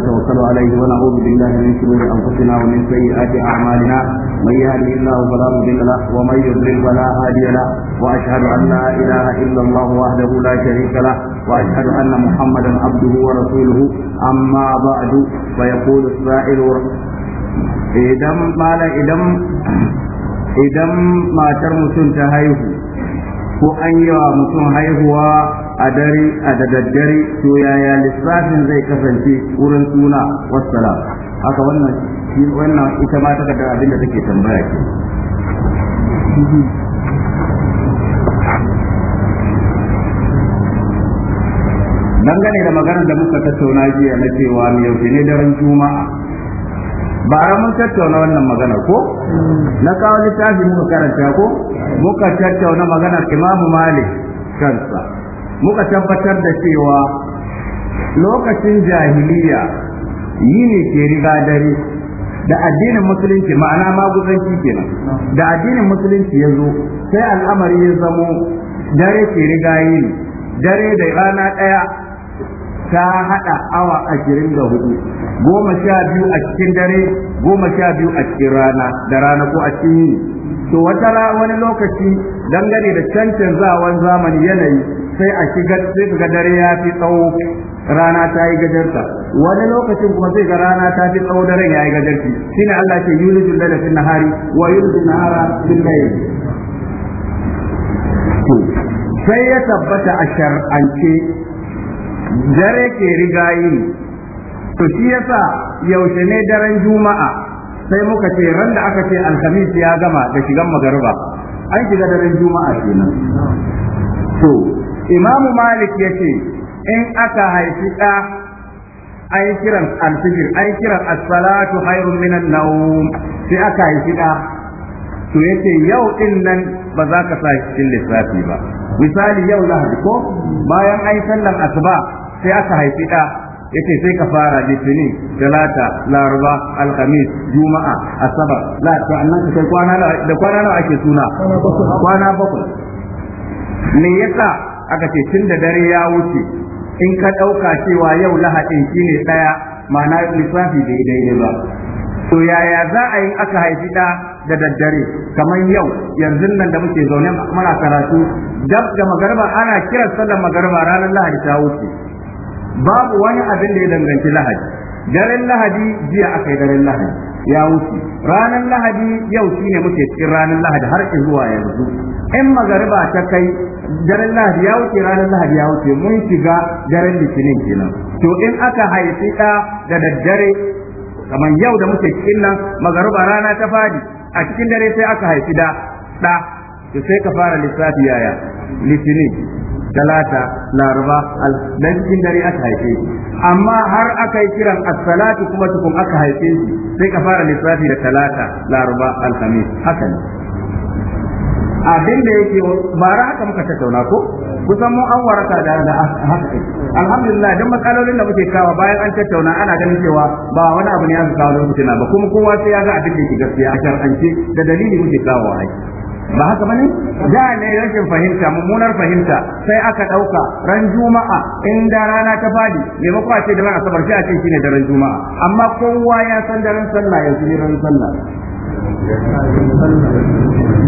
نتوكل عليه ونعوذ بالله من شرور انفسنا ومن سيئات اعمالنا من يهده الله فلا مضل له ومن يضلل فلا هادي له واشهد ان لا اله الا الله وحده لا شريك له واشهد ان محمدا عبده ورسوله اما بعد فيقول السائل idan mala idan idan matar mutum ta haihu ko an yi wa mutum haihuwa a dare a daddare to yaya lissafin zai kasance wurin suna wassalam haka wannan shi wannan ita ma ta da abin da take tambaya ke dangane da maganar da muka tattauna jiya na cewa mai yaushe ne daren juma'a ba a mun tattauna wannan magana ko na kawo littafi muka karanta ko muka tattauna maganar imamu malik kansa muka tabbatar da cewa lokacin jahiliya yi ne ke riga dare da addinin musulunci ma'ana maguzanci kenan da addinin musulunci ya zo sai al'amari ya zamo dare ke riga yi dare da rana ɗaya ta haɗa awa ashirin da hudu goma sha biyu a cikin dare goma sha biyu a cikin rana da rana ko a cikin yini to wata wani lokaci dangane da cancanzawan zamani yanayi sai a shiga sai ga dare ya fi tsawo rana ta yi gajarta wani lokacin kuma sai ga rana ta fi tsawo daren ya yi shi ne Allah ke jin laila fil hari wa na nahara fil layl sai ya tabbata a shar'ance dare ke riga yi to shi yasa yaushe ne daren juma'a sai muka ce ran da aka ce alhamis ya gama da shigan magariba an shiga daren juma'a kenan to imamu malik ya ce in aka haifi ɗa an yi kiran alfijir an yi kiran as-salatu khairun minan nawm sai aka haifi ɗa to ce yau din nan ba za ka sa cikin lissafi ba misali yau lahadi ko bayan an yi asuba sai aka haifi ɗa ce sai ka fara litinin talata laraba alhamis juma'a asabar la ta annan kai kwana da kwana nawa ake suna kwana bakwai me yasa aka ce tun da dare ya wuce in ka ɗauka cewa yau lahadin shine ɗaya ma'ana lissafi bai daidai ba to yaya za a yi aka haifi ɗa da daddare kamar yau yanzu nan da muke zaune muna karatu dab da magarba ana kiran sallar magarba ranar lahadi ta wuce babu wani abin da ya danganci lahadi Garin lahadi jiya aka yi daren lahadi ya wuce ranar lahadi yau shine muke cikin ranar lahadi har zuwa yanzu in magariba ta kai daren lahadi ya wuce ranar lahadi ya wuce mun shiga daren litinin kenan to in aka haifi ɗa da daddare kamar yau da muke cikin nan magaruba rana ta fadi a cikin dare sai aka haifi da ɗa to sai ka fara lissafi yaya litinin talata laraba dan cikin dare aka haife shi amma har aka yi kiran as-salatu kuma tukun aka haife shi sai ka fara lissafi da talata laraba alhamis haka ne abin da yake ra haka muka tattauna ko kusan mun an waraka da da haka alhamdulillah dan matsalolin da muke kawa bayan an tattauna ana ganin cewa ba wani abu ne ya kawo mutuna ba kuma kowa sai ya ga abin da yake gaskiya a shar'ance da dalili muke kawo a ba haka bane da ne rashin fahimta mummunar fahimta sai aka dauka ran juma'a in da rana ta fadi me ba ce da ran asabar sai a ce shine da ran juma'a amma kowa ya san da ran sallah yanzu ran sallah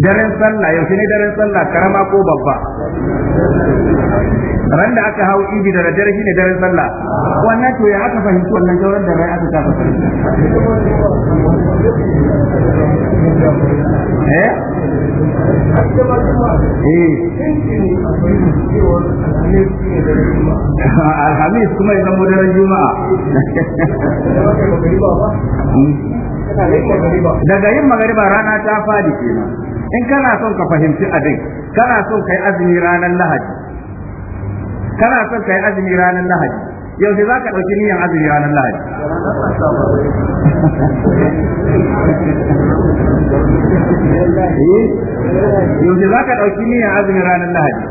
daren sallah yaushe ne daren sallah karama ko babba ran da aka hau ibi da rajar shi ne daren sallah wannan to ya aka fahimci wannan jawar da rai aka ta eh? eh alhamis kuma daren juma'a daga yin magariba rana ta fadi kenan in kana son ka fahimci abin kana son kai azumi ranar lahadi kana son kai azumi ranar lahadi yaushe za ka ɗauki niyan azumi ranar lahadi eh, yaushe za ka ɗauki niyan azumi ranar lahadi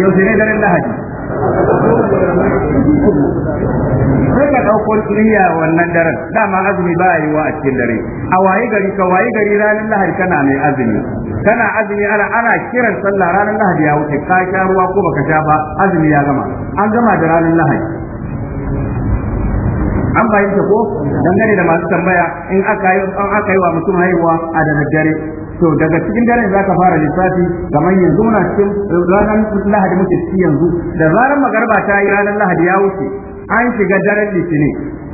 yaushe ne daren lahadi sai ka ɗauko niyya wannan daren dama azumi ba yi wa a cikin dare a waye gari ka waye gari ranar lahadi kana mai azumi kana azumi ana ana kiran sallah ranar lahadi ya wuce ka sha ruwa ko baka sha ba azumi ya gama an gama da ranar lahadi an bayyana ko dangane da masu tambaya in aka yi wa mutum haihuwa a daga dare. to daga cikin dare za ka fara lissafi kamar yanzu muna cikin ranar lahadi muke ciki yanzu da zarar magarba ta yi ranar lahadi ya wuce an shiga daren litini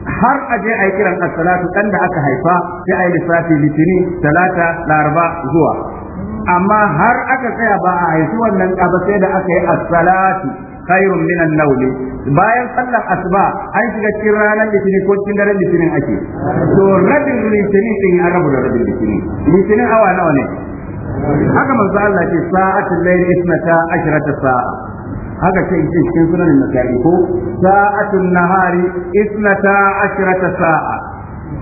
har a je a yi kiran asalatu dan da aka haifa sai a yi lissafi litinin talata laraba zuwa amma har aka tsaya ba a haifi wannan ba sai da aka yi asalatu. khairun minan nauli bayan sallar asuba an shiga cikin ranar litinin ko cikin daren litinin ake to rabin litinin din an rabu da rabin litinin litinin awa nawa ne haka manzo Allah ce sa'atul layl isnata ashrata sa'a haka ce in cikin sunan nasari ko sa'atul nahari isnata ashrata sa'a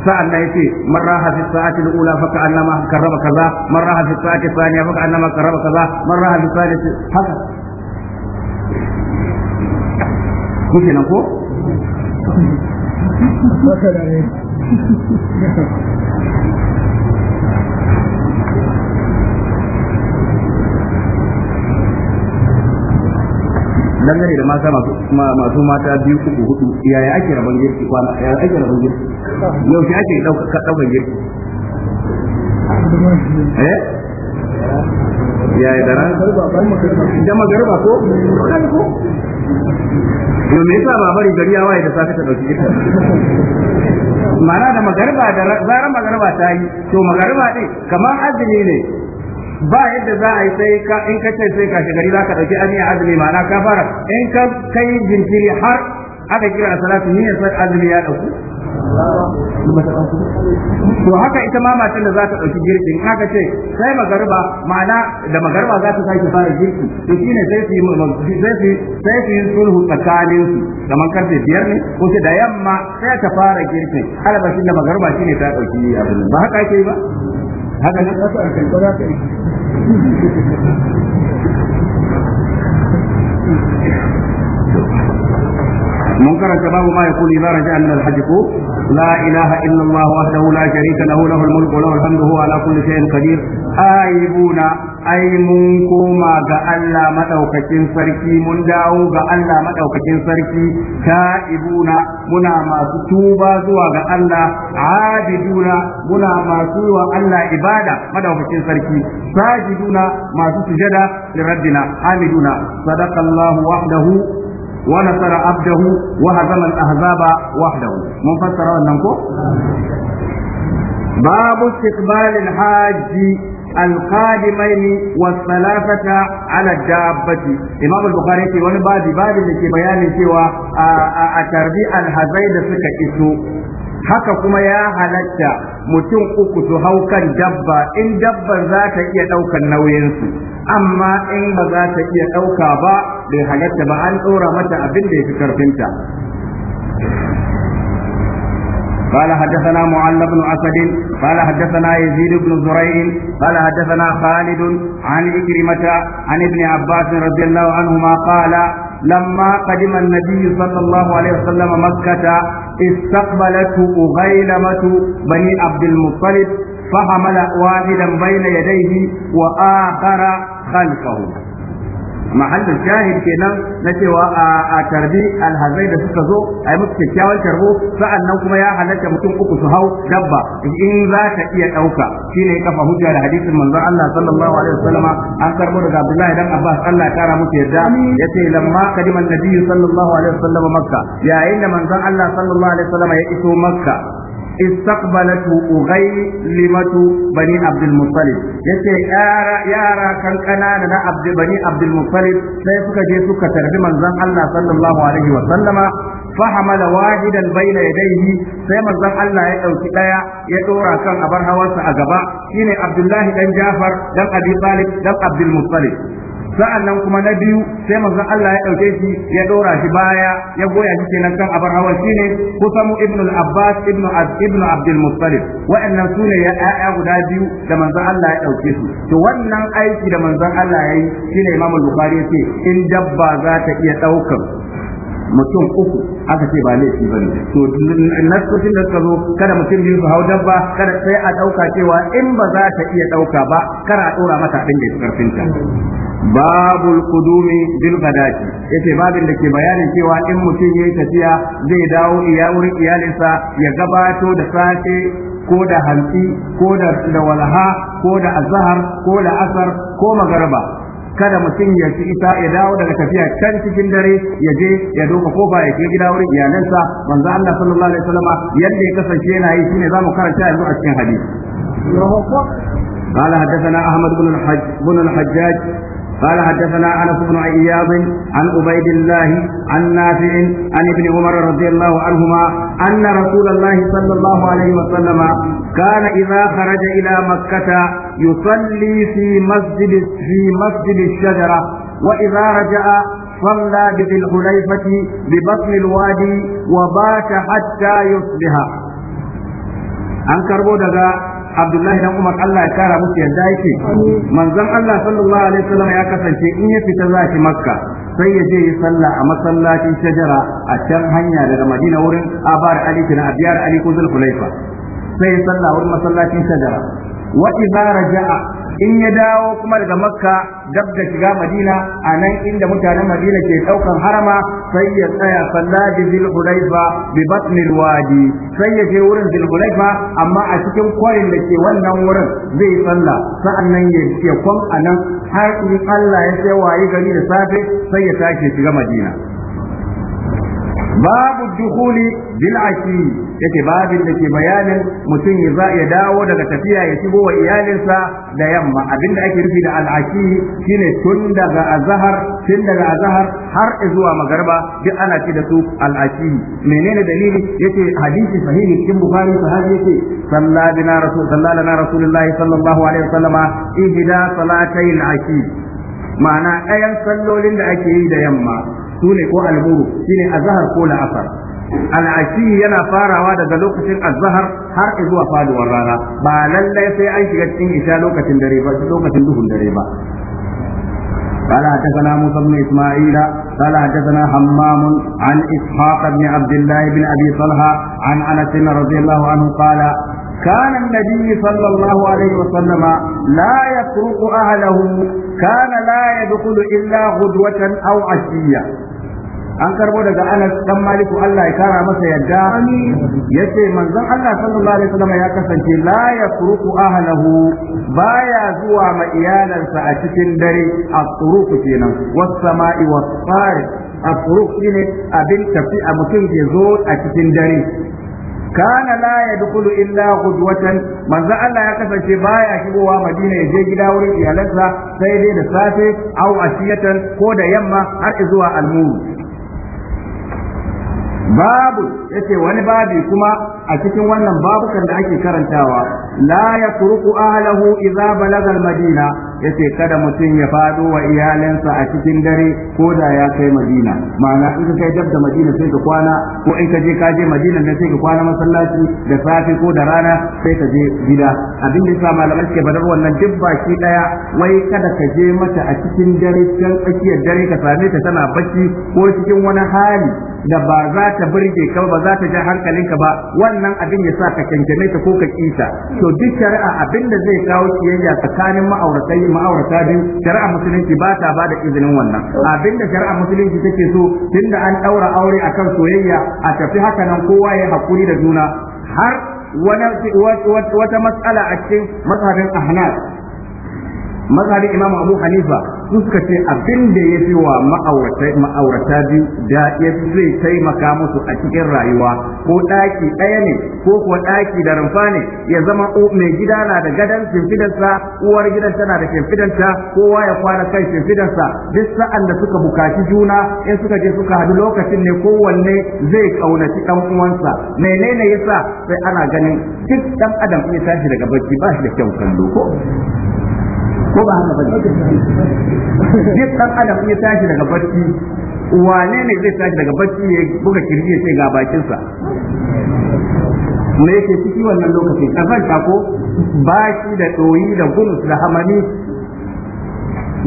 sa'an nan yace man raha fi sa'ati al-ula fa ka'annama karraba kaza man raha fi sa'ati thaniya fa ka'annama karraba kaza man raha fi sa'ati haka shi kenan ko dangane da mata masu mata biyu uku hudu yaya ake rabon girki kwana yaya ake rabon girki yau shi ake ɗaukar ɗaukar girki eh yaya da ran jama garba ko ko domin yasa ba bari gari ya waye da safe ta dauki ita mana da magariba da zarar magariba ta yi to magariba din kamar azumi ne ba yadda za a yi sai ka in ka ce sai ka gari za ka dauki azumi azumi ma'ana ka fara in ka kai jinkiri har aka kira a ne sai azumi ya dauku to haka ita ma matan da za ta ɗauki girki in ce sai magarba ma'ana da magarba za ta sake fara girki to shine sai su yi sai su sai su yi sulhu tsakanin su man karfe biyar ne ko da yamma sai ta fara girki shi da magarba shine ta ɗauki abin ba haka ake ba haka ne ka a kan ba? ka mun karanta babu ma ya kuli za raja'a min al-hajj ko لا إله إلا الله وحده لا شريك له له الملك وله الحمد هو على كل شيء قدير آيبون أي منكما قال مدوكتين سركي من داو قال مدوكتين سركي تائبون منا ما ستوبا زوا قال عابدون منا ما سوى ألا إبادة مدوكتين سركي ساجدون ما سجد لربنا حامدون صدق الله وحده ونصر عبده وهزم الأحزاب وحده من فسر وننكو باب استقبال الحاج القادمين والثلاثة على الدابة إمام البخاري في وني بادي بادي لكي بياني سوى أتربي الهزيد سكة إسو haka kuma ya halatta mutum uku su hau kan dabba in dabbar za ta iya ɗaukar nauyinsu amma in ba za ta iya ɗauka ba bai halatta ba an ɗora mata abin da ya fi karfinta قال حدثنا معل بن اسد قال حدثنا يزيد بن زريع قال حدثنا خالد عن إكرمة عن ابن عباس رضي الله عنهما قال لما قدم النبي صلى الله عليه وسلم مكة استقبلته غيلمة بني عبد المطلب فحمل واحدا بين يديه وآخر خلفه mahallin shahid kenan na cewa a tarbi alhazai da suka zo a yi musu kyakkyawan tarbo Sa'an nan kuma ya halatta mutum uku su hau dabba in za ka iya ɗauka shine kafa hujja da hadisin manzon Allah sallallahu alaihi wasallama an karbo daga Abdullahi dan Abbas Allah ya kara musu yadda yace lamma kadima annabi sallallahu alaihi wasallama makka yayin da manzon Allah sallallahu alaihi wasallama ya iso makka استقبلت أغيلمة بني عبد المطلب yace yara kan kanana na bani abdul sai suka je suka tarbi manzon Allah sallallahu alaihi wa sallama fa hamala wahidan baina yadayhi sai manzon Allah ya ɗauki ɗaya, ya ɗora kan abar hawarsa a gaba shine Abdullahi dan Jafar dan Abi Talib dan Abdul Sa'an nan kuma na biyu sai manzon Allah ya ɗauke shi ya ɗora shi baya ya goya shi kenan kan abar hawa shine kusamu ibn al-abbas ibn ibn abd muttalib wa'annan sune ya yaya guda biyu da manzon Allah ya ɗauke su to wannan aiki da manzon Allah ya yi shine imam al ya ce in dabba za ta iya ɗaukar mutum uku aka ce ba laifi bane to nasoshin da suka zo kada mutum biyu su hau dabba kada sai a dauka cewa in ba za ta iya dauka ba kar a dora mata din da karfin ta babul qudumi bil ghadati yace babin da ke bayanin cewa in mutum yayi tafiya zai dawo iya wurin iyalinsa ya gabato da safe ko da hantsi ko da walha ko da azhar ko da asar ko magaraba kada mutum ya ci isa ya dawo daga tafiya can cikin dare ya je ya doka kofa ya je gida wurin iyalansa manzo Allah sallallahu alaihi wasallam yadda ya kasance yana yi shine zamu karanta yanzu a cikin hadisi قال حدثنا احمد بن الحج بن الحجاج قال حدثنا انس بن اياض عن عبيد الله عن نافع عن ابن عمر رضي الله عنهما ان رسول الله صلى الله عليه وسلم كان اذا خرج الى مكه يصلي في مسجد في مسجد الشجرة وإذا رجع صلى بذي الحليفة ببطن الوادي وبات حتى يصبح أنكر بودغا Abdullahi dan Umar Allah ya kara musu yadda yake manzon Allah sallallahu alaihi wasallam ya kasance in ya fita za shi Makka sai ya je ya salla a masallacin shajara a can hanya daga Madina wurin Abar Ali kina Abiyar Ali ko Zulhulaifa sai ya salla wurin masallacin shajara wa idza raja'a in ya dawo kuma daga makka dab da shiga madina a nan inda mutanen madina ke daukan harama sai ya tsaya sallaji zil hudaifa bi batn al wadi sai ya je wurin zil hudaifa amma a cikin kwarin da ke wannan wurin zai salla sa'annan ya ce kwan anan har in Allah ya sai wayi gari da safe sai ya tashi shiga madina babu dukuli bil ashi yake babin da ke bayanin mutum ya ya dawo daga tafiya ya shigo wa iyalinsa da yamma abinda ake nufi da al shine tun daga azhar tun daga har zuwa magarba duk ana ce da su al menene dalili yake hadisi sahihi cikin bukhari sahabi yake sallallahu rasul sallallahu rasulullahi sallallahu alaihi wasallama ihda salatayil ashi ma'ana ɗayan sallolin da ake yi da yamma sune ko al-ghuru shine azhar ko la'asar al'ashi yana farawa daga lokacin azhar har zuwa faduwar rana ba lallai sai an shiga cikin isha lokacin dare ba lokacin duhun dare ba قال حدثنا موسى بن اسماعيل قال حدثنا حمام عن اسحاق بن عبد الله بن ابي طلحه عن انس رضي الله عنه قال كان النبي صلى الله عليه وسلم لا يترك اهله كان لا يدخل الا غدوه او عشيه an karbo daga Anas dan Maliku Allah ya kara masa yadda yace manzon Allah sallallahu alaihi wasallam ya kasance la yafruqu ahlahu baya zuwa ma iyalansa a cikin dare a turuku kenan was sama'i was tariq a turuku ne abin tafi a mutum ke zo a cikin dare kana la dukulu illa gudwatan manzo Allah ya kasance baya shigowa Madina ya je gida wurin iyalansa sai dai da safe aw asiyatan ko da yamma har zuwa almuru babu yace wani babi kuma a cikin wannan babukan da ake karantawa la yatruku ahlahu idza balaga al-madina yace kada mutum ya fado wa iyalansa a cikin dare ko da ya kai madina ma'ana in ka kai dab da madina sai ka kwana ko in ka je ka je madina ne sai ka kwana masallaci da safe ko da rana sai ka je gida abin da yasa malaman ke fadar wannan duk baki daya wai kada ka je mata a cikin dare can tsakiyar dare ka same ta tana bacci ko cikin wani hali da ba za ta burge ka ba za ta ja hankalinka ba wannan abin ya sa ka kyankyame ta ko ka kita to duk shari'a abin da zai kawo kiyayya tsakanin ma'auratai ma'aurata biyu shari'a musulunci ba ta ba da izinin wannan abin da shari'a musulunci take so tunda an daura aure akan soyayya a tafi haka nan kowa ya hakuri da juna har wata matsala a cikin mazhabin ahnaf mazhabin imam abu hanifa su suka ce abin da ya fi wa ma'aurata biyu da ya fi zai taimaka musu a cikin rayuwa ko ɗaki ɗaya ne ko kuwa ɗaki da rumfa ne ya zama mai gida na da gadon shimfidansa uwar gidan tana da shimfidansa kowa ya kwana kai shimfidansa duk sa'an da suka bukaci juna in suka je suka hadu lokacin ne kowanne zai kaunaci ɗan uwansa menene yasa sai ana ganin duk ɗan adam ya tashi daga bacci ba shi da kyau kallo ko ko ba haka bane duk dan adam ya tashi daga barci wane ne zai tashi daga barci ya buga kirji ya ce ga bakinsa me yake ciki wannan lokacin ta ko baki da doyi da gurus da hamani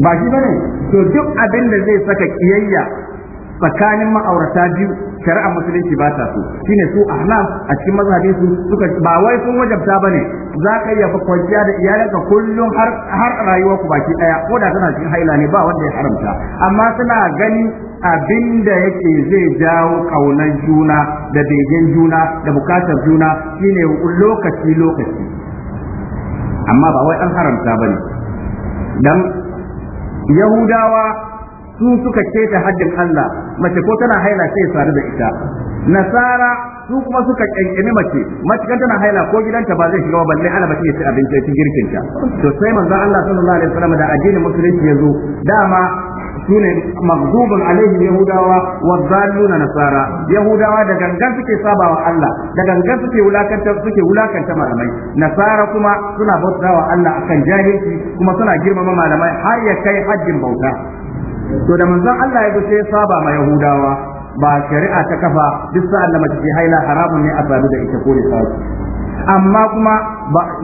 ba shi bane to duk abin da zai saka kiyayya tsakanin ma'aurata biyu shari'a musulunci ba ta so shine su ahnaf a cikin mazhabin su suka ba wai sun wajabta bane za ka iya fa kwanciya da iyalanka kullum har har rayuwa ku baki daya ko da kana cikin haila ne ba wanda ya haramta amma suna gani abinda yake zai jawo ƙaunar juna da begen juna da bukatar juna shine lokaci lokaci amma ba wai an haramta bane dan yahudawa su suka keta haddin Allah mace ko tana haila sai ya sadu da ita nasara su kuma suka kankani mace matukan tana haila ko gidanta ba zai shiga ba balle ana bace ya ci abinci ya ci girkin ta to sai manzo Allah sallallahu alaihi wasallam da addinin musulunci ya zo dama sune maghdubun alaihim yahudawa wa dhalluna nasara yahudawa da gangan suke sabawa Allah da gangan suke wulakanta suke wulakanta malamai nasara kuma suna bautawa Allah akan jahilci kuma suna girmama malamai har ya kai hajjin bauta to da manzon Allah ya sai saba ma yahudawa ba shari'a ta kafa duk sa'an da mace haila haramun ne a sadu da ita ko da amma kuma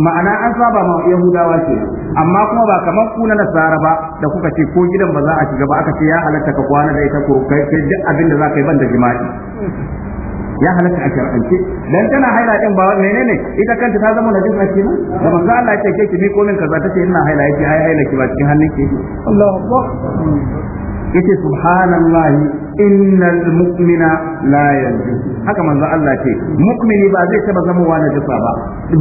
ma'ana an saba ma yahudawa ce amma kuma ba kamar kuna na nasara ba da kuka ce ko gidan ba za a shiga ba aka ce ya halatta ka kwana da ita ko kai duk abin da za ka yi ban da jima'i ya halatta a shar'ance dan tana haila din ba menene ita kanta ta zama najis na kenan da manzo Allah ya ce ki ko min kaza tace ina haila yake ai haila ki ba cikin hannun ki Allahu akbar yace subhanallahi innal mu'mina la yanjus haka manzo Allah ce mu'mini ba zai taba zama wa najasa ba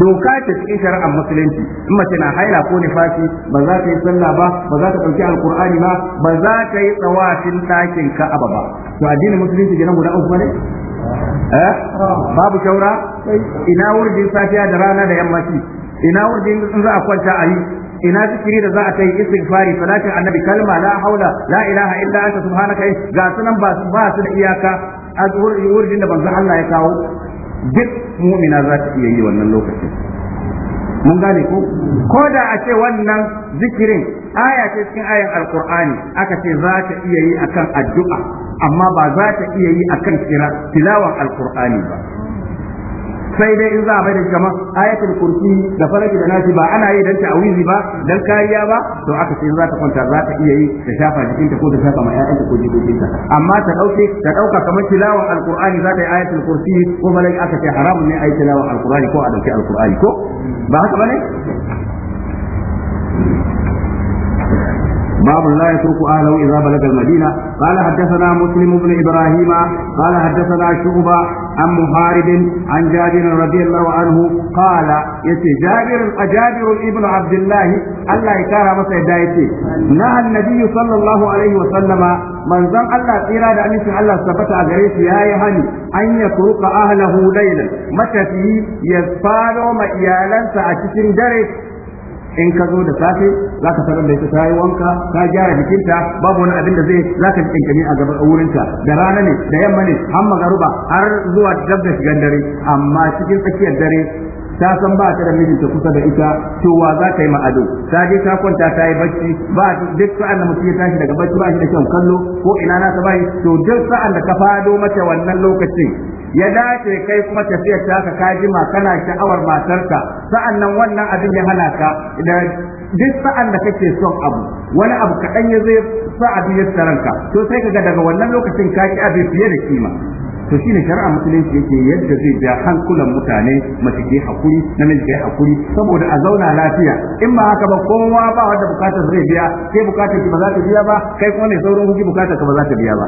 doka ce cikin shari'ar musulunci in mace na haila ko nifasi ba za ta yi sallah ba ba za ta dauki alqur'ani ba ba za ta yi tsawafin ɗakin ka'aba ba to addinin musulunci kenan guda uku ne eh babu shaura ina wurjin safiya da rana da yammaci ina wurin in za a kwanta a yi ina zikiri da za a ta yi istighfari salati annabi kalma la haula la ilaha illa anta subhanaka ga sunan ba su ba su da iyaka azhur yurdin da banzan Allah ya kawo duk mu'mina za ta iya yi wannan lokacin mun gane ko ko da a ce wannan zikirin aya ce cikin ayan alqur'ani aka ce za ta iya yi akan addu'a amma ba za ta iya yi akan tilawan alqur'ani ba sai dai in za a bai da shi kamar ayatul kursi da faraki da nasi ba ana yi dan awizi ba dan kariya ba to aka ce za ta kwanta za ta iya yi ta shafa jikinta ko ta shafa ma ƴaƴanta ko jikokinta amma ta dauke ta dauka kamar tilawar alqur'ani za ta yi ayatul kursi ko malai aka ce haramun ne ayi tilawar alqur'ani ko a dauki alqur'ani ko ba haka bane باب لا يترك اهله اذا بلغ المدينه قال حدثنا مسلم بن ابراهيم قال حدثنا شعبه عن محارب عن جابر رضي الله عنه قال يتي جابر جابر ابن عبد الله الله يكرم مسيدايتي نهى النبي صلى الله عليه وسلم من زم الله تيرا da amincin Allah tabbata a gare shi yayi hani an ya turka ahlahu laylan matafi ya faro ma iyalansa a cikin dare in ka zo da safe za ka sanar da ita ta yi wanka ta gyara jikinta babu wani abin da zai za ka kankani a gaban wurinta da rana ne da yamma ne har magaruba har zuwa dab da shigan dare amma cikin tsakiyar dare ta san ba ta da mijinta kusa da ita cewa za ta yi ma'ado ta je ta kwanta ta yi bacci ba duk sa'an da mutum ya tashi daga bacci ba shi da kyan kallo ko ina na ta bayi to duk sa'an da ka fado mace wannan lokacin ya dace kai kuma tafiyar taka ka jima kana sha'awar matarka sa'annan wannan abin ya hana ka duk sa'an da kake son abu wani abu kaɗan ya zai sa abin ya taranka to sai kaga daga wannan lokacin ka ki abin fiye da kima to shine shari'a musulunci yake yadda zai biya hankulan mutane mace ke hakuri namiji ke hakuri saboda a zauna lafiya in ba haka ba kowa ba wanda bukatar zai biya kai bukatar ki ba za ta biya ba kai kuma ne sauran kuki bukatar ka ba za ta biya ba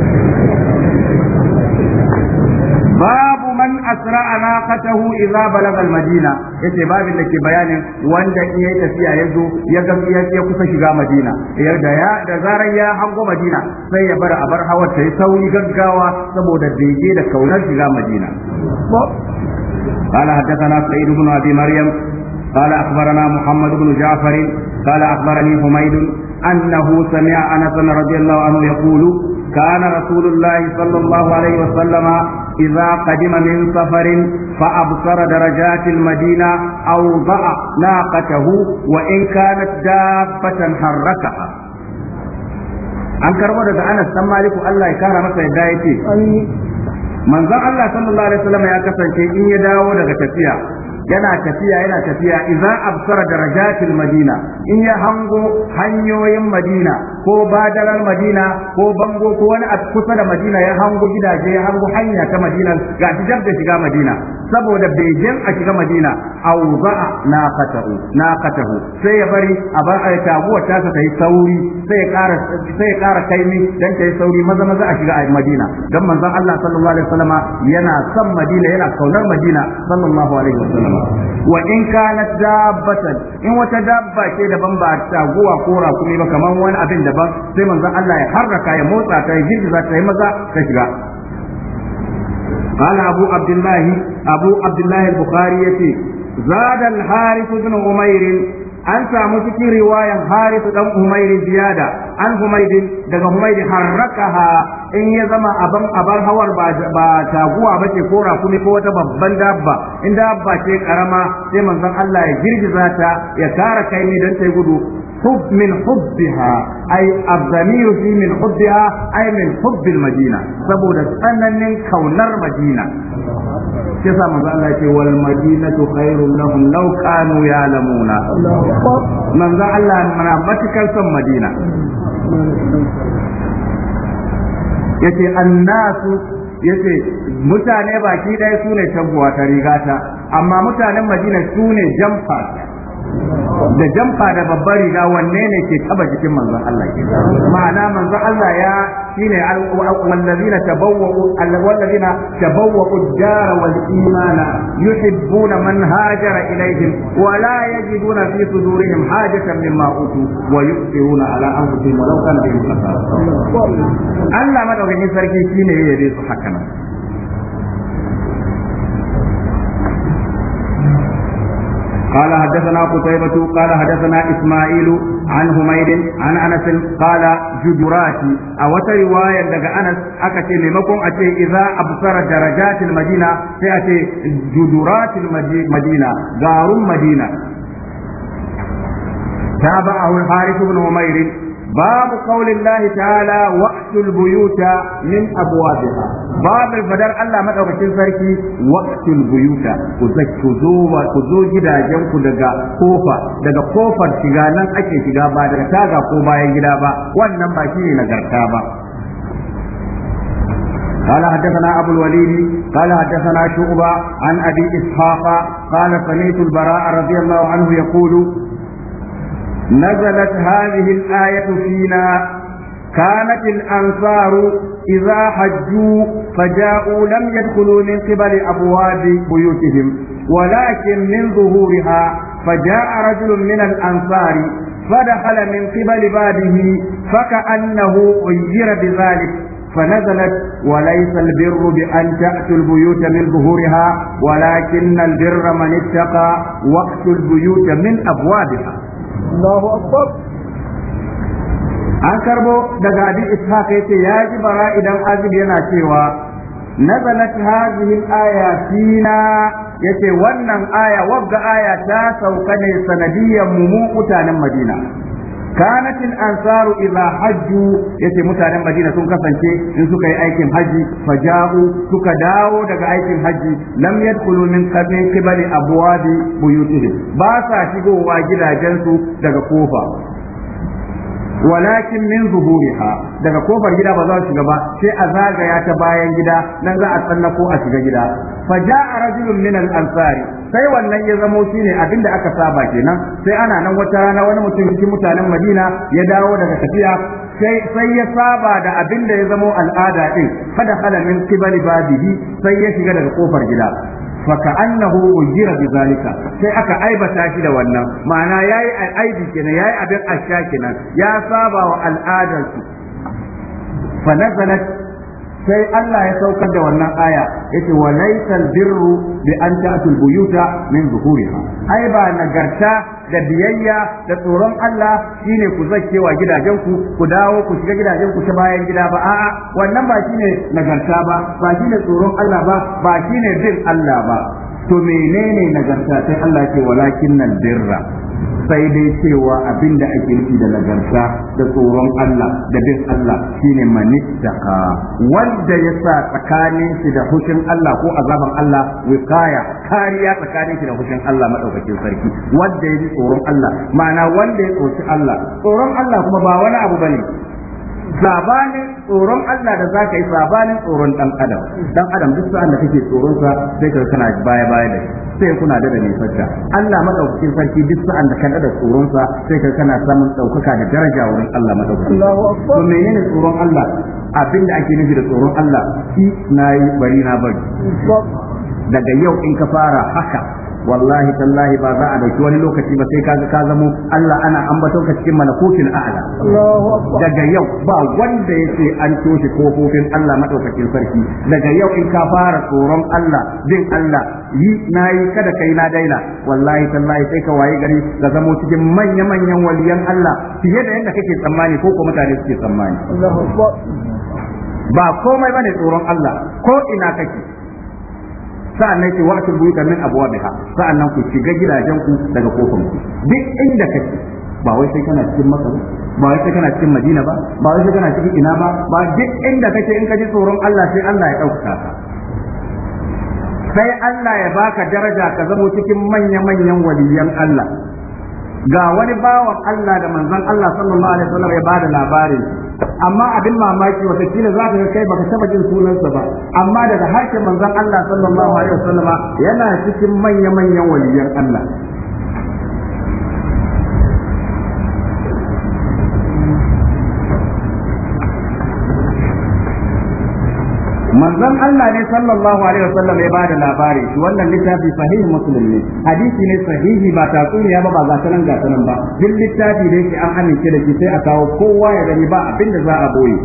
asra anaqatahu idza balagal al ya ce babin da ke bayanin wanda iya yayi tafiya ya zo ya ga kusa shiga madina ya da zarar ya hango madina sai ya bar abar hawar ta yi sauri gaggawa saboda bege da kaunar shiga madina قال حدثنا سعيد بن ابي مريم قال اخبرنا محمد بن جعفر قال اخبرني حميد انه سمع انس رضي الله عنه يقول كان رسول الله صلى الله عليه وسلم إذا قدم من سفر فأبصر درجات المدينة na ناقته وإن كانت دابة حركها an karbo daga Anas dan Maliku Allah ya kara masa yadda yake manzon Allah sallallahu alaihi wasallam ya kasance in ya dawo daga tafiya yana tafiya yana tafiya iza absara darajatil madina in ya hango hanyoyin madina ko badalar madina ko bango ko wani a kusa da madina ya hango gidaje ya hango hanya ta madina ga jab da shiga madina saboda bejin a shiga madina katahu, na katahu, sai ya bari a ba a taguwa ta ta yi sauri sai ya ƙara sai ƙara kaimi dan ta yi sauri maza maza a shiga madina dan manzon Allah sallallahu alaihi wasallama yana son madina yana kaunar madina sallallahu alaihi wasallama wa in kana dabbatan in wata dabba ce daban ba ta guwa ko rakumi ba kamar wani abin daban sai manzon Allah ya harraka ya motsa ta ya girgiza ta yi maza ta shiga قال أبو عبد الله أبو عبد الله البخاري زاد الحارث an samu cikin riwayan harisu dan umairi ziyada an humaidin daga humaidi harrakaha in ya zama aban aban hawar ba taguwa ba ce ko rakumi ko wata babban dabba in dabba ce karama sai manzon Allah ya girgiza ta ya kara kai ni dan ta gudu hub min hubbiha ai abdamir fi min hubbiha ai min hubbil madina saboda tsananin kaunar madina sai sa manzo Allah ce wal madinatu khairun lahum law kanu ya'lamuna manzo Allah na matukar son madina yace annasu yace mutane baki ɗaya su ne tabuwa ta rigata amma mutanen madina su ne jamfa da jamfa da babbar riga wanne ne ke taba jikin manzon Allah ke. ma'ana manzon Allah ya shine wallazina tabawwa'u wallazina tabawwa'u ad-dar wal imana yuhibbuna man hajara ilayhim wa la yajiduna fi sudurihim hajatan mimma utu wa yu'thiruna ala anfusihim wa law kana bihim khasara Allah madaukakin sarki shine yayi su haka nan قال حدثنا قتيبة قال حدثنا إسماعيل عن حميد عن أنس قال جدراتي أو رواية لك أنس أكتي لمكم أتي إذا أبصر درجات المدينة تأتي جدرات المدينة دار المدينة تابعه الحارث بن عمير باب قول الله تعالى وقت البيوت من أبوابها باب الفدر الله مدعو كتن وقت البيوت كذوبة كذو جدا جنك لغا كوفة لغا كوفة شغانا أكي شغابا لغا تاغا كوبا يجلابا وانما شيني نقرتابا قال حدثنا أبو الوليد قال حدثنا شعبة عن أبي إسحاق قال سمعت البراء رضي الله عنه يقول نزلت هذه الآية فينا كانت الأنصار إذا حجوا فجاءوا لم يدخلوا من قبل أبواب بيوتهم ولكن من ظهورها فجاء رجل من الأنصار فدخل من قبل بابه فكأنه غير بذلك فنزلت وليس البر بأن تأتوا البيوت من ظهورها ولكن البر من اتقى وقت البيوت من أبوابها an karbo daga abin ishaq yace ya ji bara idan azib yana cewa nazalat hadhihi al-aya yace wannan aya wagga aya ta sauka ne sanadiyan mu mutanen Madina كانت الأنصار إذا حجوا يتي متعنى مدينة كسنشي إن سكا أيكم حجي فجاءوا سكا داو دقا أيكم حجي لم يدخلوا من قبل قبل أبواب بيوتهم باسا شقوا واجلا جنسوا دقا كوفا ولكن من ظهورها دقا kofar جدا ba za su shiga ba sai a zagaya ta bayan gida nan za a tsallako a sai wannan ya zamo shine abinda aka saba kenan sai ana nan wata rana wani mutum cikin mutanen Madina ya dawo daga tafiya sai ya saba da abin da ya zamo al'ada din fada hala min kibali babihi sai ya shiga daga kofar gida fa annahu ujira bi zalika sai aka aibata shi da wannan ma'ana yayi aibi kenan yayi abin asha kenan ya saba wa al'adar su fa nazalat sai Allah ya saukar da wannan aya yace wa laysal birru bi an ta'tul buyuta min zuhuriha ai ba nagarta da biyayya da tsoron Allah shine ku zakkewa gidajenku ku dawo ku shiga gidajenku ta bayan gida ba a'a wannan ba shine nagarta ba ba shine tsoron Allah ba ba shine bin Allah ba to menene nagarta sai Allah ke walakin nan birra sai dai cewa abin da ake nufi da nagarta da tsoron Allah da bin Allah shine manittaka wanda ya sa tsakanin shi da hushin Allah ko azaban Allah wiqaya kariya tsakanin shi da hushin Allah madaukakin sarki wanda ya ji tsoron Allah ma'ana wanda ya tsoci Allah tsoron Allah kuma ba wani abu bane sabanin tsoron Allah da zaka yi sabanin tsoron dan adam dan adam duk sa'an da kake tsoron sa sai ka kana baya baya da sai kuna da dane sarka Allah madaukaki sarki duk sa'an da kana da tsoron sa sai ka kana samun daukaka da daraja wurin Allah madaukaki Allahu akbar to menene tsoron Allah Abin da ake nufi da tsoron Allah shi nayi bari na bari daga yau in ka fara haka wallahi tallahi ba za a dauki wani lokaci ba sai kaga ka zamo Allah ana ambato ka cikin malakutin a'la daga yau ba wanda yake an toshe kofofin Allah madaukakin sarki daga yau in ka fara tsoron Allah bin Allah yi nayi kada kai na daina wallahi tallahi sai ka waye gari ka zamo cikin manya manyan waliyan Allah fiye da yadda kake tsammani ko ko mutane suke tsammani ba komai bane tsoron Allah ko ina kake sa'an nan wa atul buyuta min abwabiha sa'annan ku shiga gidajen ku daga kofar ku duk inda kake ba wai sai kana cikin Makka ba wai sai kana cikin Madina ba ba wai sai kana cikin ina ba ba duk inda kake in ka ji tsoron Allah sai Allah ya dauka ka sai Allah ya baka daraja ka zamo cikin manya-manyan waliyan Allah ga wani bawan Allah da manzon Allah sallallahu alaihi wasallam ya bada labarin amma abin mamaki wata kila za ka kai baka taba jin sunansa ba amma daga harshen manzon Allah sallallahu alaihi wasallam yana cikin manya-manyan waliyan Allah manzon Allah ne sallallahu alaihi wasallam ya bada labari shi wannan littafi sahihi muslim ne hadisi ne sahihi ba tatsuniya ba ba zakaran nan ba duk littafi da yake an amince da shi sai a kawo kowa ya gani ba abinda za a boye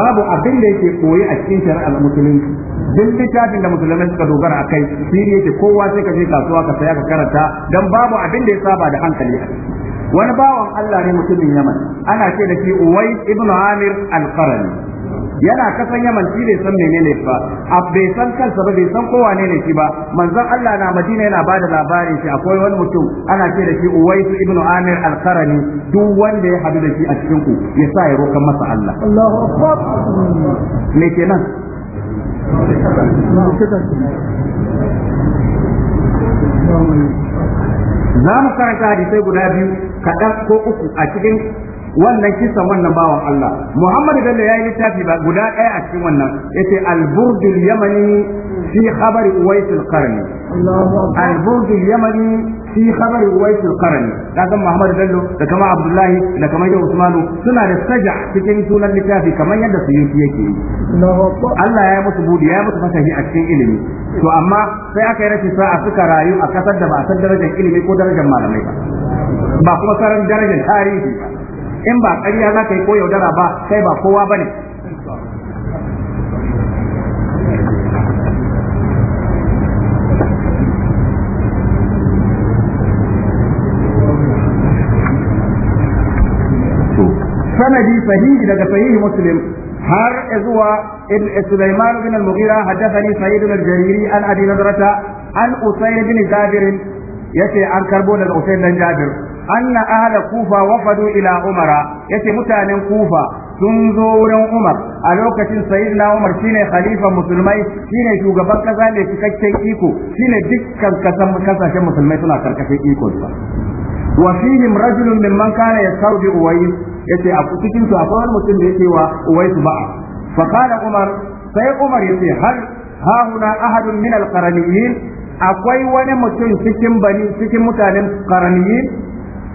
babu abin da yake koyi a cikin shari'ar musulunci duk littafin da musulmai suka dogara a kai shi ne yake kowa sai ka je kasuwa ka saya ka karanta dan babu abin da ya saba da hankali a wani bawan Allah ne mutumin Yaman ana ce da shi Uwais ibn Amir al-Qarni yana kasan yaman shi bai san menene ba a bai san kansa ba bai san kowa ne shi ba manzon Allah na Madina yana ba da labarin shi akwai wani mutum ana ce da shi Uwaisu ibnu Amir al-Qarani duk wanda ya hadu da shi a cikin ku ya sa ya roƙa masa Allah Allahu akbar me kenan za mu karanta hadisai guda biyu kaɗan ko uku a cikin wannan kisan wannan bawan Allah Muhammad Bello yi littafi ba guda ɗaya a cikin wannan ya al-burdul yamani fi khabar uwais al al yamani fi khabar uwais al-qarni kaga Muhammad Bello da kama Abdullahi da kama Ibn suna da saja cikin sunan littafi kamar yadda su yake yake Allah ya musu budi ya musu fasahi a cikin ilimi to amma sai aka yi rashin sa'a suka rayu a kasar da ba a san darajar ilimi ko darajar malamai ba ba kuma sarar darajar tarihi ba in ba za ka yi ko yaudara ba kai ba kowa bane sanadi sahihi daga sahihi muslim har zuwa Sulaiman bin al-Mughira haddathani Sa'id al-Jariri an Abi Nadrata an Usayd bin Jabir yace an karbo daga Usayd bin Jabir anna ahla kufa wafadu ila umara yace mutanen kufa sun zo wurin Umar a lokacin Sayyidina Umar shine khalifa musulmai shine shugaban kasa mai cikakken iko shine dukkan kasan kasashen musulmai suna karkashin iko wa fihim rajulun mimman kana yasawdi uwais yace a cikin su akwai wani mutum da yake wa su ba'a fa kana Umar sai Umar yace har ha huna ahadun min al-qaraniyin akwai wani mutum cikin bani cikin mutanen qaraniyin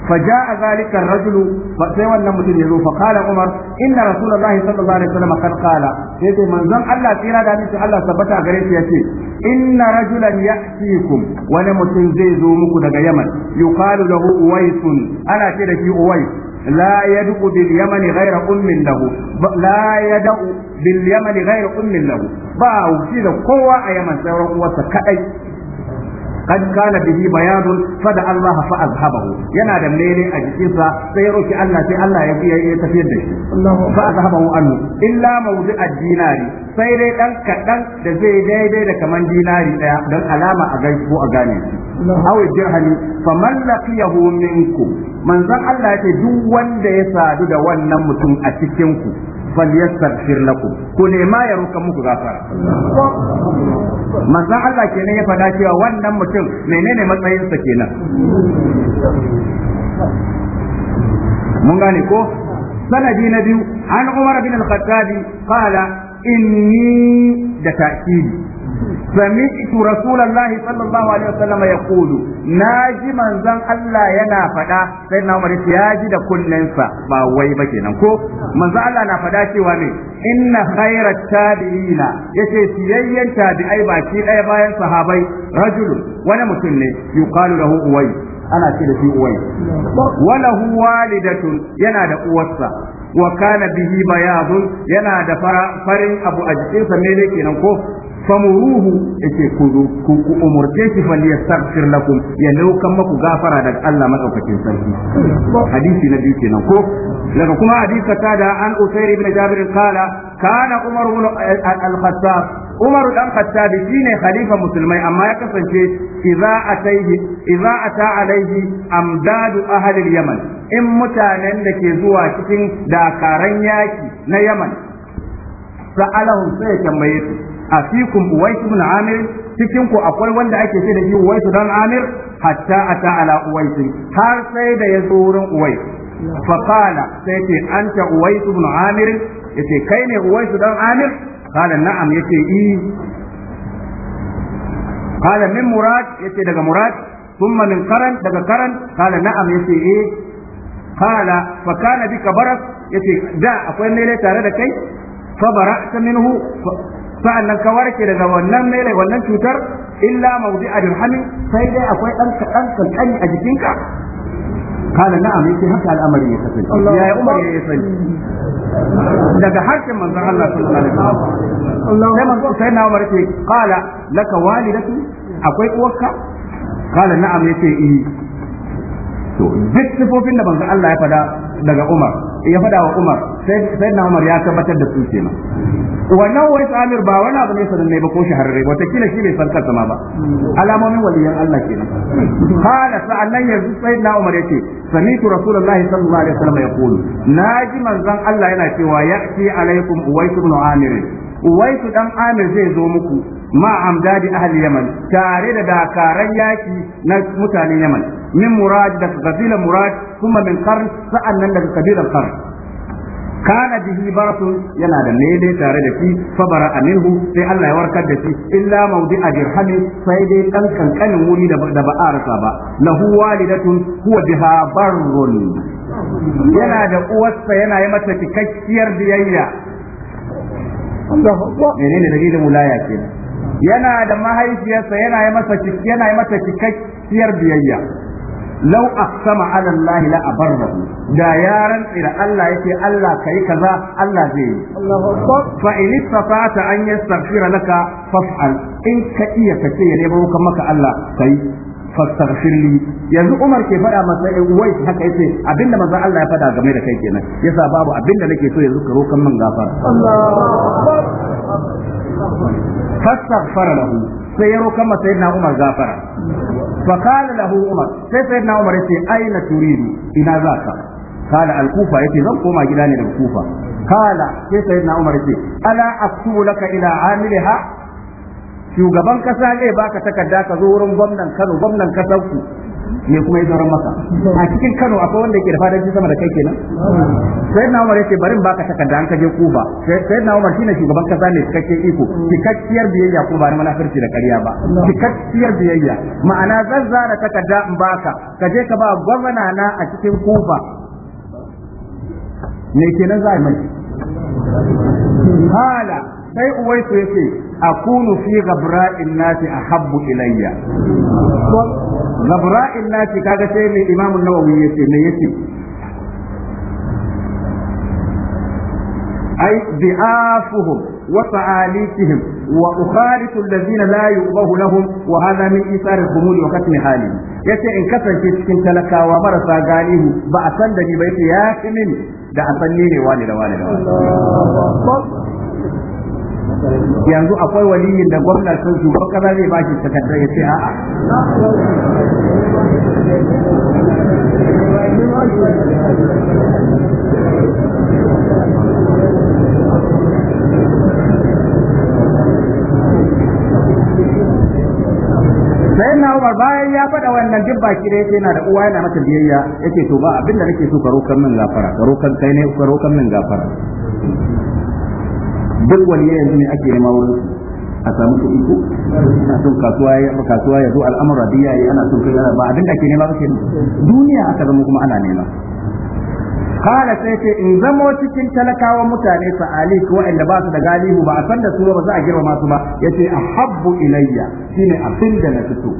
فجاء ذلك الرجل sai wannan mutum ya fa qala umar inna rasulullahi sallallahu alaihi wasallam kan qala yace manzon Allah tsira da miki Allah sabbata gare shi yace inna rajulan ya'tikum wani mutum zai zo muku daga Yaman yuqalu lahu uwaisun ana ce da shi uwais لا يدق باليمن غير أم له لا يدق باليمن غير أم له da kowa a yaman sauran uwarsa kaɗai. قد كان به بياض فدعا الله فأذهبه Yana da mene a jikinsa sai ya roki Allah sai Allah ya ya tafiyar da shi fa azhabahu Inna illa addinari sai dai ɗan kaɗan da zai daidai da kaman dinari ɗaya don alama a gaisu ko a gane shi aw dirhami faman laqiyahu minkum manzon Allah ya ce duk wanda ya sadu da wannan mutum a cikin ku falyastaghfir lakum ku nema ya roka muku gafara manzon Allah kenan ya fada cewa wannan mutum menene matsayinsa kenan mun gane ko sanadi na biyu an umar bin al-khattabi qala inni da ta'kidi سمعت رسول الله صلى الله عليه وسلم يقول manzan Allah yana الله sai na سيدنا ya ji da kunnensa ba wai ba kenan ko Manzan Allah na fada cewa ne inna khairat tabi'ina yace siyayyen tabi'ai baki ɗaya bayan sahabai rajulun wani mutum ne yuqalu lahu uwai ana ce da shi uwai wala walidatun yana da uwarsa wa kana bihi bayadun yana da farin abu a jikinsa ne kenan ko famuruhu yace ku ku ku umurce shi fa liyastaghfir lakum ya laukan maku gafara daga Allah madaukakin sarki hadisi na biyu kenan ko daga kuma hadisi ta da an usair ibn jabir qala kana umar ibn al-khattab umar dan khattab shine khalifa musulmai amma ya kasance idza ataihi idza ata alaihi amdadu ahli al-yaman in mutanen da ke zuwa cikin dakaran yaki na yaman sa'alahum sai ya tambaye su afikum uwais ibn amir cikin ku akwai wanda ake ce da shi uwais dan amir hatta ata ala uwais har sai da ya zo wurin uwais fa qala sai ce anta uwais ibn amir yace kai ne uwais dan amir qala na'am yace i qala min murad yace daga murad thumma min karan daga karan qala na'am yace i eh. qala fa kana bika barak yace da akwai ne tare da kai fa bara'ta minhu sa'annan ka warke daga wannan mele wannan cutar illa mawdi'a dirhamin sai dai akwai dan kadan kan a jikinka قال نعم يمكن هكا الامر يسكن يا Umar ya sani? daga harshen manzon Allah sallallahu alaihi wasallam sai manzon sai na Umar kala qala laka walidatu akwai uwarka Kala na'am yace eh to duk sifofin da manzon Allah ya fada daga Umar ya fada wa Umar sai na Umar ya tabbatar da su kenan wannan wani tsamir ba wani abu ne sanannai ba ko shahararre watakila shi bai san kansa ba alamomin waliyan Allah kenan sa'an sa'annan yanzu sai na Umar yace sami'tu rasulullahi sallallahu alaihi wasallam yaqulu naji manzon Allah yana cewa ya'ti alaikum uwais ibn Amir dan Amir zai zo muku ma amdadi ahli Yaman tare da dakaran yaki na mutanen Yaman min murad da kabila murad kuma min qarn sa'annan daga kabilar qarn kana bihi baratun yana da mele tare da shi fa bara aminhu sai Allah ya warkar da shi illa mawdi'a dirhami sai dai ɗan kankanin wuri da ba a rasa ba lahu walidatun huwa biha barrun yana da uwarsa yana yi mata cikakkiyar biyayya menene dalilin mulaya yana da mahaifiyarsa yana yi masa yana yi mata cikakkiyar biyayya law aqsama ala Allah la abarrahu da yaran ila Allah ce Allah kai kaza Allah zai yi fa in istata'ta an yastaghfira laka faf'al in ka iya kace ya nemo maka Allah kai fastaghfir yanzu Umar ke faɗa masa eh, wai haka yace abinda manzon Allah ya faɗa game da kai kenan yasa babu abinda nake so yanzu ka rokan min gafara fastaghfara lahu sai ya rokan masa sayyidina Umar gafara فقال له عمر كيف سيدنا عمر يتي أين تريد إلى ذاك قال الكوفة يتي ذنقوا ما جلاني الكوفة قال كيف سيدنا عمر يتي ألا أكتب لك إلى عاملها shugaban kasa zai baka takarda ka zo wurin gwamnan Kano gwamnan kasar ku Ne kuma ya zauren maka a cikin Kano akwai wanda yake da shi sama da kai kenan sai na Umar yace barin baka takarda an kaje Kuba sai na Umar shine shugaban kasa ne cikakken iko cikakkiyar biyayya ko ba na munafirci da karya ba cikakkiyar biyayya ma'ana zan zana takarda in baka kaje ka ba gwamna na a cikin Kuba me kenan za a yi mai hala sai uwaisu yake. akunu fi ghabra'in nasi ahabbu ilayya ghabra'in nasi kaga sai mai imamu nawawi yace me yace ai bi'afuhum wa ta'alikihim wa ukhalitu alladhina la yuqbahu lahum wa min hali yace in kasance cikin talakawa marasa galihu ba a san da ni ba yace ya fi min da asanni ne wani da wani da wani yanzu akwai waliyin da su ba kaza zai ba shi takardar ya ce a. sai na Umar bayan ya faɗa wannan duk baki da yake yana da uwa yana masa biyayya yake to ba abin da nake so karo kan min gafara karo kan kai ne karo kan min gafara duk waliya yanzu ne ake nema wurin a samu kuɗi ko ana son kasuwa ya kasuwa ya zo al'amura biya ya ana son kai ba abin da ake nema ba kenan duniya aka zama kuma ana nema kala sai ce in zamo cikin talakawa mutane sa'alik waɗanda ba su da galihu ba a san da su ba za a girmama su ba yace ahabbu ilayya shine abin da na fito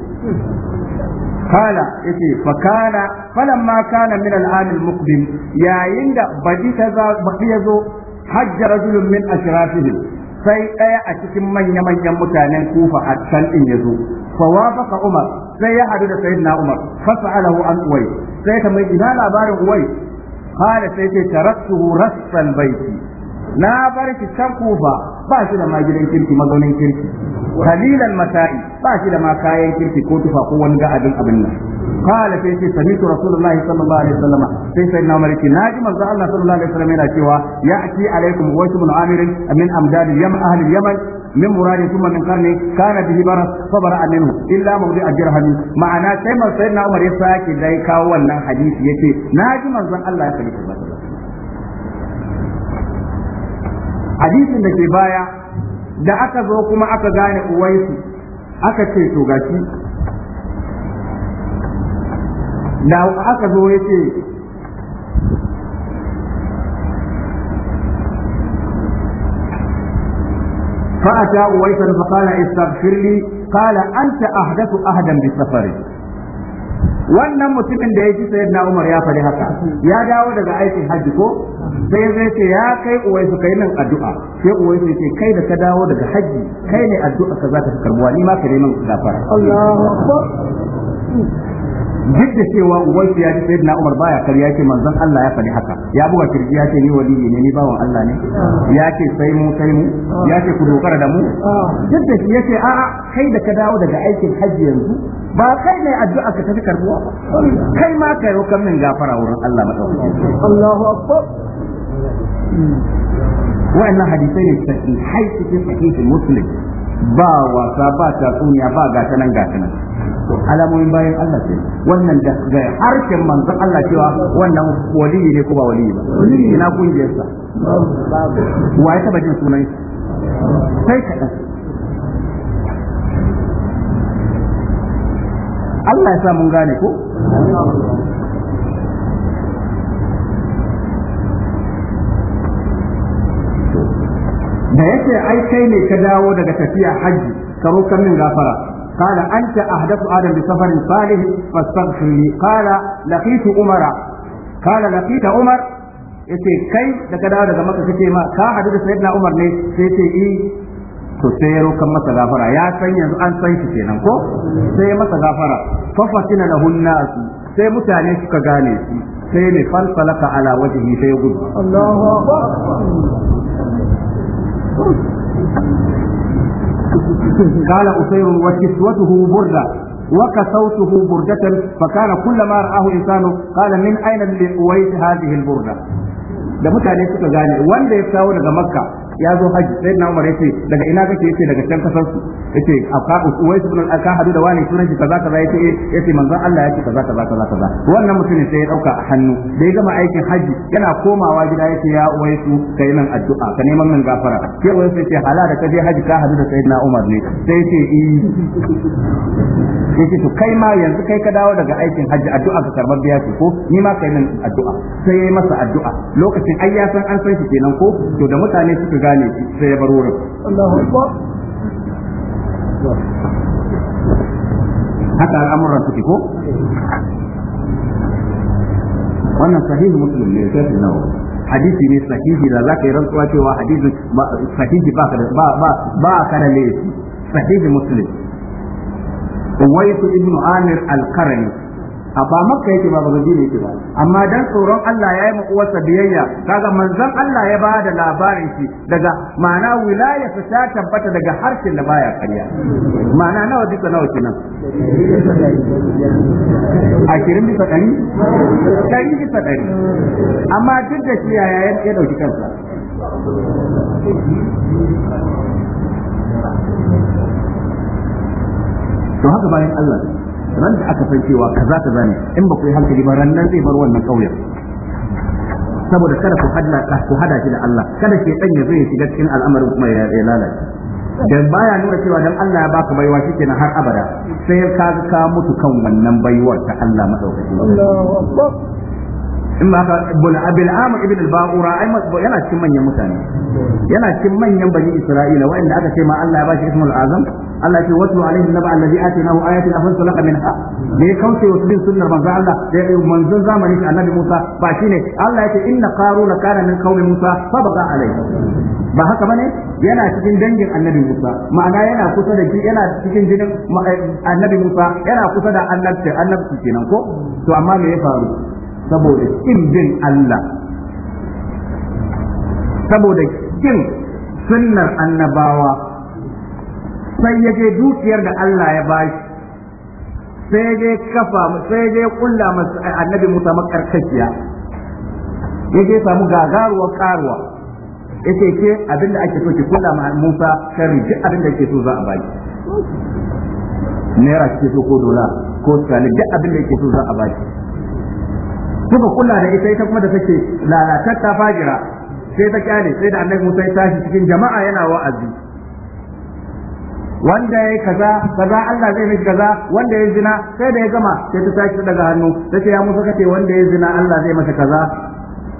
قال يتي فكان فلما كان من العام المقبل يا يندا بدي كذا بدي يزو hajja rajulun min ashrafihim sai ɗaya a cikin manya-manyan mutanen kufa a can ɗin ya zo fawafaka umar sai ya hadu da na umar alahu an uwai sai ta mai ina labarin uwai kada sai ce tarattuhu rassan baiti na bar ki can kufa ba shi da ma gidan kirki mazaunin kirki kalilan mata'i ba shi da ma kayan kirki ko tufa ko wani ga abin abin nan qala fa yace sami'tu rasulullahi sallallahu alaihi wasallam sai sai na maliki naji manzo Allah sallallahu alaihi wasallam yana cewa ya'ti alaikum wa ibn amir min amdad yaman ahli yaman min murad thumma min qarni kana bihi baras fabara minhu illa mawdi ajrahani ma'ana sai man sayyidina umar ya sake dai kawo wannan hadisi yace naji manzo Allah ya faɗi hadisin da ke baya da aka zo kuma aka gane uwaisu aka ce to gashi da aka zo ya ce فأتى أويسا فقال استغفر لي قال أنت أحدث أهدا بالسفر wannan mutumin da ya ji na Umar ya fari haka ya dawo daga aikin hajji ko sai zai ce ya kai uwai su kai nan addu'a sai uwai su ce kai da ka dawo daga hajji kai ne addu'a ka za fi karbuwa ni ma ka neman gafara Allahu duk da cewa uwarsu ya ce na Umar baya kar ya ce manzon Allah ya faɗi haka ya buga kirji ya ce ni waliyi ne ni bawan Allah ne ya ce sai mu sai mu ya ce ku dogara da mu duk da ya ce a'a kai da ka dawo daga aikin hajji yanzu ba kai ne addu'a ka tafi karbuwa kai ma ka yi min gafara wurin Allah madaukakin Allahu akbar wa'annan hadisai ne sahihai cikin sahihin muslim ba wasa ba tatsuniya ba gata nan to alamomin bayan Allah ce wannan da ga harshen manzo Allah cewa wannan waliyi ne ko ba waliyi ba ina kungiyar sa wa ya taba jin sunan sai ka kadan Allah ya sa mun gane ko da yake ai kai ne ka dawo daga tafiya hajji ka roƙa min gafara قال أنت أحدث آدم بسفر صالح فاستغفر لي قال لقيت عمر قال لقيت عمر yace kai da ka daga maka kace ma ka hadu da sayyidina Umar ne sai ce i to sai ya masa gafara ya san yanzu an san shi kenan ko sai ya masa gafara fa fasina lahun nas sai mutane suka gane shi sai ne falsalaka ala wajhi sai ya gudu Allahu akbar قال أسير وكسوته بردة وكسوته بردة فكان كلما رآه إنسان قال من أين لأويت هذه البردة da mutane suka gane wanda ya kawo daga makka ya zo haji sai na umar yace daga ina kake yace daga can kasar su yace uwai hadu da wani sunan shi kaza kaza yace yace manzon Allah yace kaza kaza kaza kaza wannan mutumin sai ya dauka a hannu da ya gama aikin haji yana komawa gida yace ya uwai su kai nan addu'a ka neman min gafara sai uwai sai ce hala da kaje haji ka hadu da sayyidina umar ne sai yace i eh. yace to kai ma yanzu kai ka dawo daga aikin haji addu'a ka karbar biya ce ko ni ma kai nan addu'a sai ya yi masa addu'a lokacin ai ya san an san shi kenan ko to da mutane suka gane shi sai ya bar wurin haka al'amuran suke ko wannan sahihu muslim ne sai ta nawa hadisi ne sahihi da zaka yi rantsuwa cewa hadisi sahihi ba ka ba ba ba ka da sahihi muslim Uwaisu ibn Amir al-Qarni a ba makka yake ba madina yake ba amma dan tsoron Allah ya yi makuwarsa biyayya kaga manzon Allah ya bada labarin shi daga ma'ana wilaya ta ta tabbata daga harshen da baya karya ma'ana nawa duka nawa kenan kirin bisa ɗari ɗari bisa ɗari amma duk da shi yaya ya ɗauki kansa to haka bayan Allah ran da aka san cewa kaza kaza ne in ba ku yi hankali ba ran nan zai bar wannan kauyen saboda kada ku hada ku hada shi da Allah kada ke dan ya zo ya shiga cikin al'amarin kuma ya lalace dan baya nuna cewa dan Allah ya baka baiwa shikenan har abada sai ka ka mutu kan wannan baiwar ta Allah madaukakin Allahu akbar in ba ka bun abil amr ibn al-baqura ai yana cikin manyan mutane yana cikin manyan bani isra'ila wanda aka ce ma Allah ya bashi ismul azam Allah ya ce watlu alaihi naba alladhi atinahu ayatina fa salaka minha ne kauce wa bin sunnar manzo Allah da ya manzon zamanin annabi Musa ba shine Allah ya ce inna qaruna kana min qaumi Musa fa baqa alaihi ba haka bane yana cikin dangin annabi Musa ma'ana yana kusa da yana cikin jinin eh, annabi Musa yana kusa da annabci annabci kenan ko to amma me ya faru saboda kin bin Allah saboda kin sunnar annabawa sai ya je dukiyar da Allah ya bashi sai ya kafa sai ya kulla masu annabi Musa makarkashiya yake samu gagaruwar karuwa yace ke abinda ake so ki kulla ma Musa sharri duk abinda ake so za a baki naira kike so ko dola ko tsali duk abinda ake so za a baki kuka kula da ita ita kuma da take lalatar fajira sai ta kyale sai da annabi Musa ya tashi cikin jama'a yana wa'azi wanda ya kaza kaza Allah zai miki kaza wanda ya zina sai da ya gama sai ta tashi daga hannu take ya Musa kace wanda ya zina Allah zai masa kaza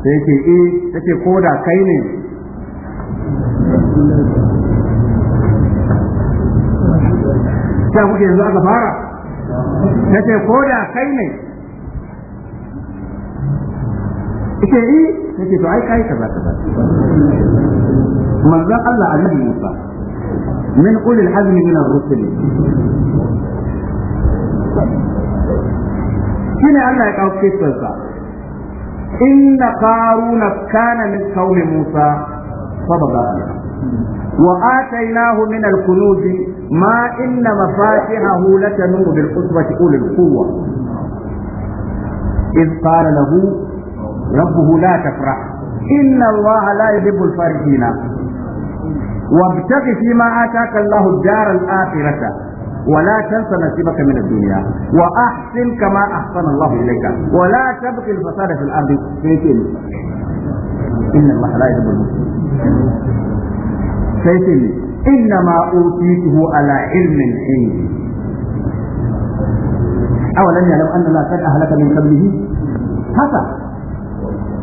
sai yake eh take koda kai ne sai kuke yanzu aka fara tace koda kai ne yake eh yake to ai kai kaza kaza manzon Allah annabi Musa min ulil azmi min ar-rusul shine Allah ya kawo kisarsa inna qaruna kana min qaumi Musa fabaga وآتيناه من الكنوز ما إن مفاتحه لتنوء بالعصبة أولي القوة إذ قال له ربه لا تفرح إن الله لا يحب الفرحين وابتغ فيما آتاك الله الدار الآخرة ولا تنس نصيبك من الدنيا وأحسن كما أحسن الله إليك ولا تبقي الفساد في الأرض فيتين إن الله لا يحب المسلمين إنما أوتيته على علم عندي أولم يعلم ما قد أهلك من قبله هذا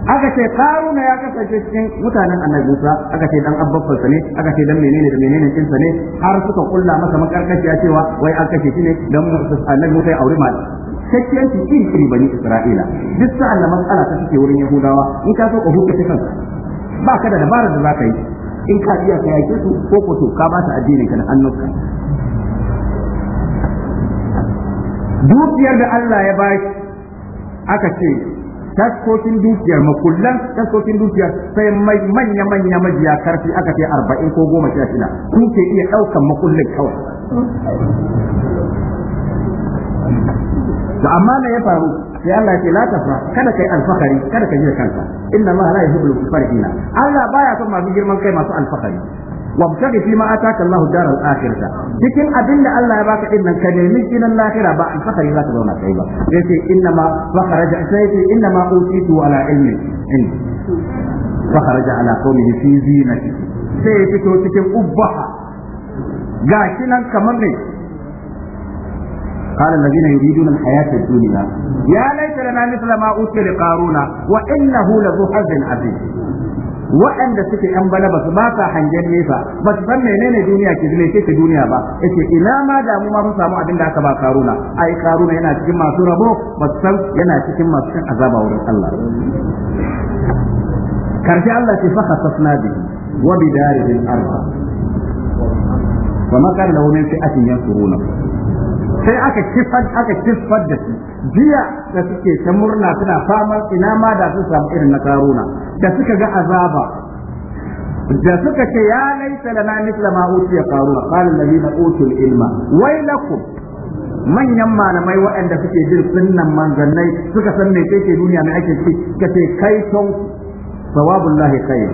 aka ce karuna ya kasance cikin mutanen annabi Musa aka ce dan abbafansa ne aka ce dan menene da menene cin sa ne har suka kulla masa makarkashiya cewa wai an kashe shi ne dan annabi Musa ya aure mata cikin iri iri bani Isra'ila duk sa Allah matsala ta take wurin Yahudawa in ka so ka hukunta ba ka da dabarar da za ka yi in ka iya ka yake su ko ko to ka ba su addinin ka da annabka dukiyar da Allah ya bashi aka ce taskokin dukiyar makullan taskokin dukiyar sai manya manya majiya karfi aka ce arba'in ko goma sha shida kun ke iya ɗaukan makullin kawai to amma me ya faru sai Allah ce la tafra kada kai alfakari kada ka yi kanka inna Allah la yuhibbul farihina Allah baya son masu girman kai masu alfakari wabtaghi fi ma ataka Allahu daral akhirah cikin abinda Allah ya baka din nan ka nemi gidan lahira ba alfahari za ka zauna kai ba yace inna ma fakharaja sayfi inna ma utitu ala ilmi in fakharaja ala qawmihi fi zinati sai ya fito cikin ubbaha gashi nan kamar ne قال الذين يريدون الحياة الدنيا يا ليت لنا مثل ما أوتي لقارون وإنه لذو حظ عظيم waɗanda suke yan bana ba su ba sa hangen nesa ba su san menene duniya ke zile ce duniya ba yace ina ma damu ma mun samu abin da aka ba karuna ai karuna yana cikin masu rabo ba su san yana cikin masu cin azaba wurin Allah karshe Allah ce fa khasafna bi wa bi al-ardh wa ma da wani min fi'atin yansuruna sai aka kifar aka kifar da su jiya da suke ta murna suna fama ina ma da su samu irin na karuna da suka ga azaba da suka ce ya laita lana mithla ma utiya qaruna qala alladhina utul ilma waylakum manyan malamai waɗanda suke jin sunnan manzannai suka san me ke duniya mai ake ci kace kai ton sawabullahi khair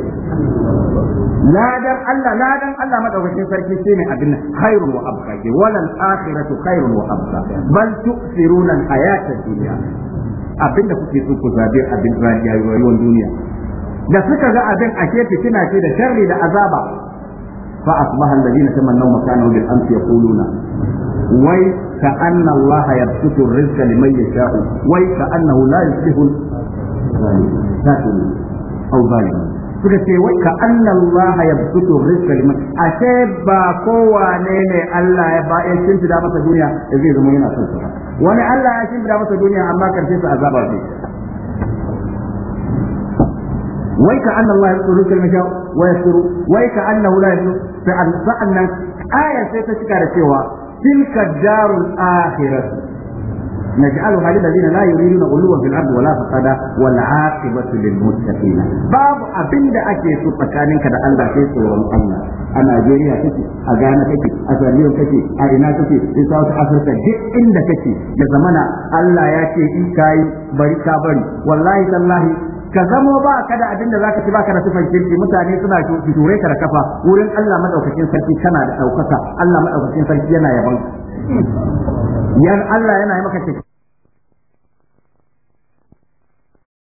ladan Allah ladan Allah madaukakin sarki shine abin khairun wa abqa wala al-akhiratu khairun wa abqa bal tu'thiruna al-hayata ad-dunya abinda kuke so ku zabe abin rayuwar duniya da suka ga abin ake fitina ce da sharri da azaba fa asbaha alladhina tamannaw makanahu bil amsi yaquluna wai ka anna allaha yabsutu rizqa liman yasha'u wai ka annahu la yuslihu zalimun aw zalimun suka ce wai ka anna allaha yabsutu rizqa liman ashe ba kowane ne Allah ya ba ya masa duniya zai zama yana son wani Allah ya shimfida masa duniya amma karshe sa azaba ce ويكأن الله يذكر ذكر المشاء ويذكر ويكأنه لا يذكر فأن آية سيتشكى سوى تلك الدار الآخرة نجعلها للذين لا يريدون غلوا في الأرض ولا فسادا والعاقبة للمتقين باب أبند أكي سوء مكانك دا أنت في سورة الله a Najeriya kake a Ghana kake a Saliyo kake a ina kake in South Africa duk inda kake da zamana Allah ya ce in kai bari ka bari wallahi tallahi ka zamo ba ka da abin da zaka ci ba ka da sifan kirki mutane suna jure ka da kafa wurin Allah madaukakin sarki kana da daukaka Allah madaukakin sarki yana yabon yan Allah yana yi maka